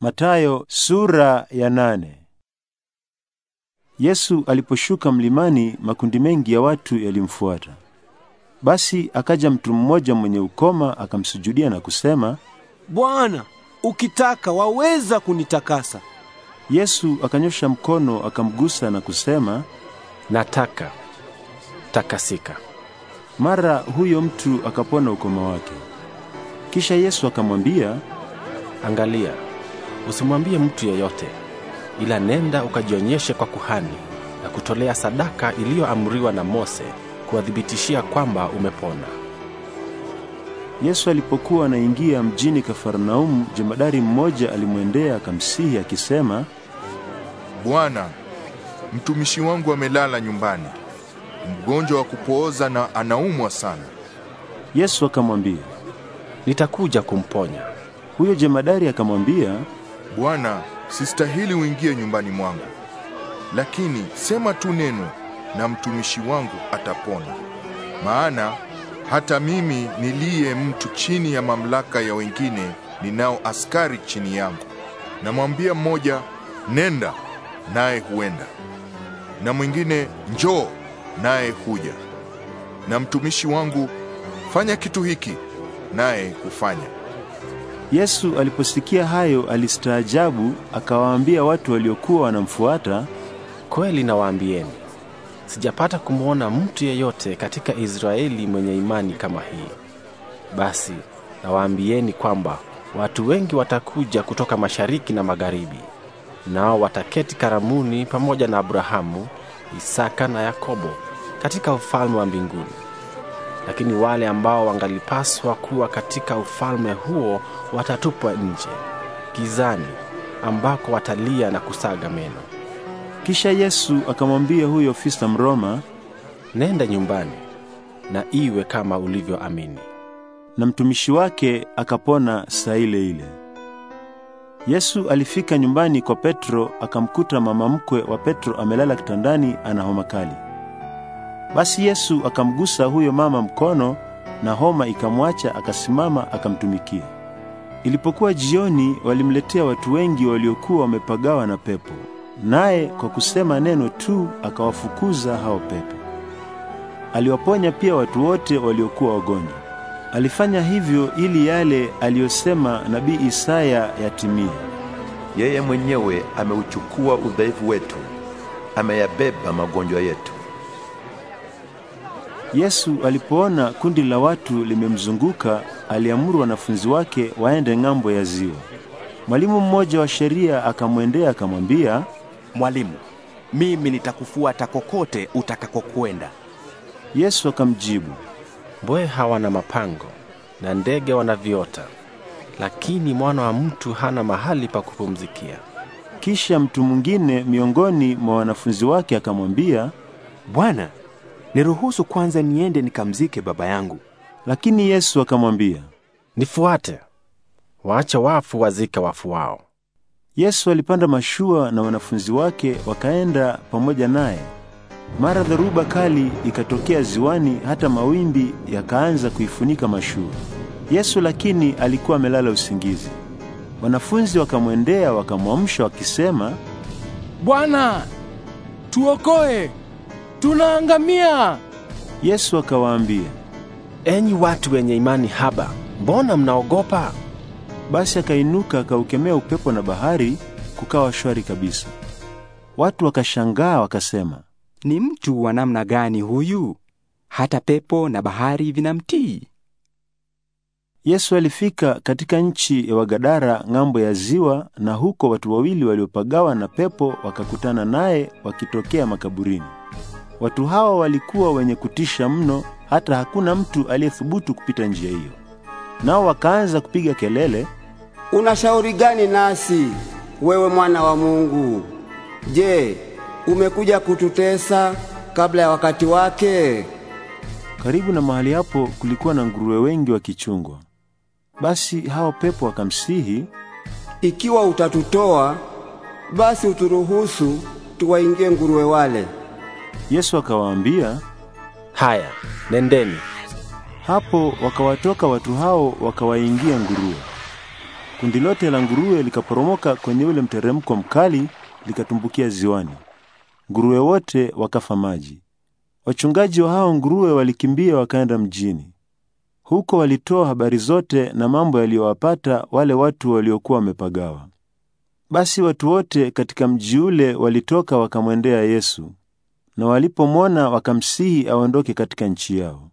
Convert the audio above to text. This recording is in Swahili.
Matayo sura ya nane. Yesu aliposhuka mlimani makundi mengi ya watu yalimfuata. Basi akaja mtu mmoja mwenye ukoma akamsujudia na kusema, Bwana, ukitaka waweza kunitakasa. Yesu akanyosha mkono akamgusa na kusema, nataka, takasika. Mara huyo mtu akapona ukoma wake. Kisha Yesu akamwambia, angalia Usimwambie mtu yeyote, ila nenda ukajionyeshe kwa kuhani na kutolea sadaka iliyoamriwa na Mose kuwathibitishia kwamba umepona. Yesu alipokuwa anaingia mjini Kafarnaumu, jemadari mmoja alimwendea akamsihi akisema, Bwana, mtumishi wangu amelala nyumbani, mgonjwa wa kupooza na anaumwa sana. Yesu akamwambia, nitakuja kumponya. Huyo jemadari akamwambia, Bwana, sistahili uingie nyumbani mwangu, lakini sema tu neno na mtumishi wangu atapona. Maana hata mimi niliye mtu chini ya mamlaka ya wengine, ninao askari chini yangu. Namwambia mmoja, nenda, naye huenda, na mwingine, njoo, naye huja, na mtumishi wangu, fanya kitu hiki, naye hufanya. Yesu aliposikia hayo alistaajabu, akawaambia watu waliokuwa wanamfuata, kweli nawaambieni, sijapata kumwona mtu yeyote katika Israeli mwenye imani kama hii. Basi nawaambieni kwamba watu wengi watakuja kutoka mashariki na magharibi, nao wataketi karamuni pamoja na Abrahamu, Isaka na Yakobo katika ufalme wa mbinguni lakini wale ambao wangalipaswa kuwa katika ufalme huo watatupwa nje gizani, ambako watalia na kusaga meno. Kisha Yesu akamwambia huyo ofisa Mroma, nenda nyumbani na iwe kama ulivyoamini. Na mtumishi wake akapona saa ile ile. Yesu alifika nyumbani kwa Petro, akamkuta mama mkwe wa Petro amelala kitandani ana homa kali. Basi Yesu akamgusa huyo mama mkono na homa ikamwacha, akasimama akamtumikia. Ilipokuwa jioni, walimletea watu wengi waliokuwa wamepagawa na pepo, naye kwa kusema neno tu akawafukuza hao pepo. Aliwaponya pia watu wote waliokuwa wagonjwa. Alifanya hivyo ili yale aliyosema nabii Isaya yatimie: yeye mwenyewe ameuchukua udhaifu wetu, ameyabeba magonjwa yetu. Yesu alipoona kundi la watu limemzunguka, aliamuru wanafunzi wake waende ng'ambo ya ziwa. Mwalimu mmoja wa sheria akamwendea akamwambia, Mwalimu, mimi nitakufuata kokote utakakokwenda. Yesu akamjibu, mbwe hawana mapango na ndege wana viota, lakini mwana wa mtu hana mahali pa kupumzikia. Kisha mtu mwingine miongoni mwa wanafunzi wake akamwambia, Bwana, niruhusu kwanza niende nikamzike baba yangu. Lakini Yesu akamwambia, nifuate, waacha wafu wazike wafu wao. Yesu alipanda mashua na wanafunzi wake wakaenda pamoja naye. Mara dharuba kali ikatokea ziwani, hata mawimbi yakaanza kuifunika mashua. Yesu lakini alikuwa amelala usingizi. Wanafunzi wakamwendea wakamwamsha wakisema, Bwana, tuokoe! tunaangamia. Yesu akawaambia, enyi watu wenye imani haba, mbona mnaogopa? Basi akainuka akaukemea upepo na bahari, kukawa shwari kabisa. Watu wakashangaa wakasema, ni mtu wa namna gani huyu? Hata pepo na bahari vinamtii. Yesu alifika katika nchi ya Wagadara ng'ambo ya ziwa, na huko watu wawili waliopagawa na pepo wakakutana naye wakitokea makaburini. Watu hawa walikuwa wenye kutisha mno, hata hakuna mtu aliyethubutu kupita njia hiyo. Nao wakaanza kupiga kelele, una shauri gani nasi, wewe mwana wa Mungu? Je, umekuja kututesa kabla ya wakati wake? Karibu na mahali hapo kulikuwa na nguruwe wengi wa kichungwa. Basi hao pepo wakamsihi, ikiwa utatutoa, basi uturuhusu tuwaingie nguruwe wale. Yesu akawaambia, haya, nendeni. Hapo wakawatoka watu hao wakawaingia nguruwe. Kundi lote la nguruwe likaporomoka kwenye ule mteremko mkali likatumbukia ziwani. Nguruwe wote wakafa maji. Wachungaji wa hao nguruwe walikimbia wakaenda mjini. Huko walitoa habari zote na mambo yaliyowapata wale watu waliokuwa wamepagawa. Basi watu wote katika mji ule walitoka wakamwendea Yesu na walipomwona wakamsihi aondoke katika nchi yao.